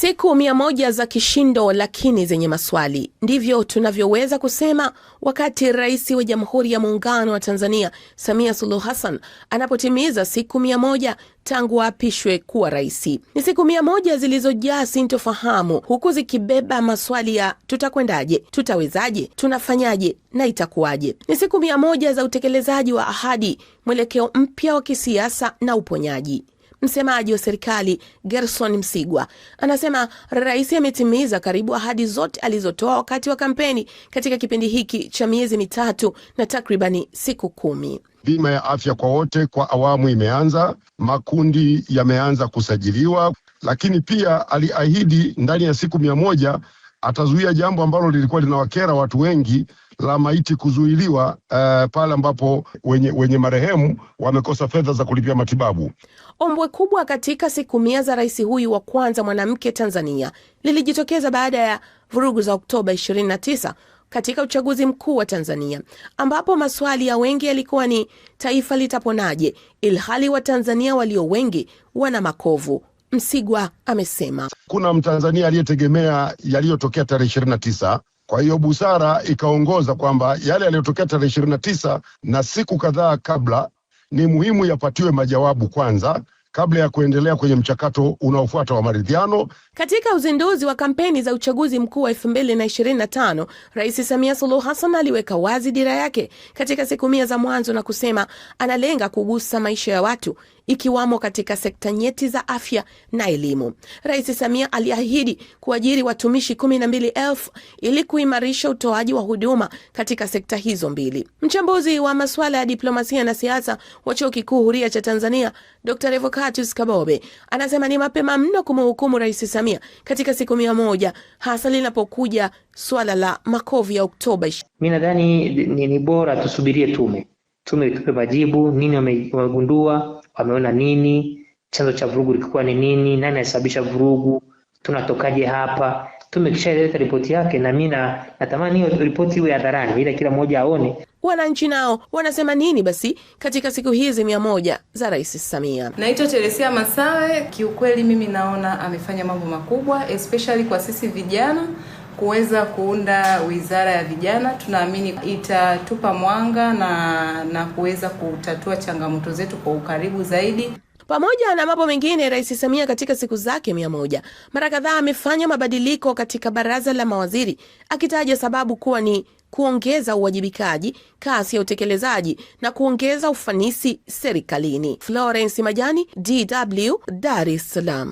Siku mia moja za kishindo lakini zenye maswali, ndivyo tunavyoweza kusema wakati Rais wa Jamhuri ya Muungano wa Tanzania Samia Suluhu Hassan anapotimiza siku mia moja tangu aapishwe kuwa rais. Ni siku mia moja zilizojaa sintofahamu, huku zikibeba maswali ya tutakwendaje, tutawezaje, tunafanyaje na itakuwaje. Ni siku mia moja za utekelezaji wa ahadi, mwelekeo mpya wa kisiasa na uponyaji. Msemaji wa serikali Gerson Msigwa anasema rais ametimiza karibu ahadi zote alizotoa wakati wa kampeni katika kipindi hiki cha miezi mitatu na takribani siku kumi. Bima ya afya kwa wote kwa awamu imeanza, makundi yameanza kusajiliwa, lakini pia aliahidi ndani ya siku mia moja atazuia jambo ambalo lilikuwa linawakera watu wengi la maiti kuzuiliwa uh, pale ambapo wenye, wenye marehemu wamekosa fedha za kulipia matibabu. Ombwe kubwa katika siku mia za rais huyu wa kwanza mwanamke Tanzania lilijitokeza baada ya vurugu za Oktoba 29 katika uchaguzi mkuu wa Tanzania, ambapo maswali ya wengi yalikuwa ni taifa litaponaje, ilhali Watanzania walio wengi wana makovu. Msigwa amesema kuna Mtanzania aliyetegemea yaliyotokea tarehe ishirini na tisa kwa hiyo busara ikaongoza kwamba yale yaliyotokea tarehe ishirini na tisa na siku kadhaa kabla ni muhimu yapatiwe majawabu kwanza kabla ya kuendelea kwenye mchakato unaofuata wa maridhiano. Katika uzinduzi wa kampeni za uchaguzi mkuu wa tano, Rais Samia Suluhu Hassan aliweka wazi dira yake katika siku mia za mwanzo na kusema analenga kugusa maisha ya watu ikiwamo katika sekta nyeti za afya na elimu. Rais Samia aliahidi kuajiri watumishi kumi na mbili elfu ili kuimarisha utoaji wa huduma katika sekta hizo mbili. Mchambuzi wa masuala ya diplomasia na siasa wa Chuo Kikuu Huria cha Tanzania, Dr. Revocatus Kabobe anasema ni mapema mno kumhukumu Rais Samia katika siku mia moja hasa linapokuja swala la makovu ya Oktoba. Mi nadhani ni, ni, ni bora tusubirie tume tume itupe majibu, nini wamegundua, wameona nini, chanzo cha vurugu likikuwa ni nini, nani alisababisha vurugu, tunatokaje hapa. Tume kishaleta ripoti yake, na mimi natamani hiyo ripoti iwe hadharani, ila kila mmoja aone wananchi nao wanasema nini basi katika siku hizi mia moja za Rais Samia. Naitwa Teresia Masawe. Kiukweli mimi naona amefanya mambo makubwa especially kwa sisi vijana kuweza kuunda wizara ya vijana, tunaamini itatupa mwanga na, na kuweza kutatua changamoto zetu kwa ukaribu zaidi. Pamoja na mambo mengine, Rais Samia katika siku zake mia moja mara kadhaa amefanya mabadiliko katika baraza la mawaziri akitaja sababu kuwa ni kuongeza uwajibikaji, kasi ya utekelezaji na kuongeza ufanisi serikalini. Florence Majani, DW, Dar es Salaam.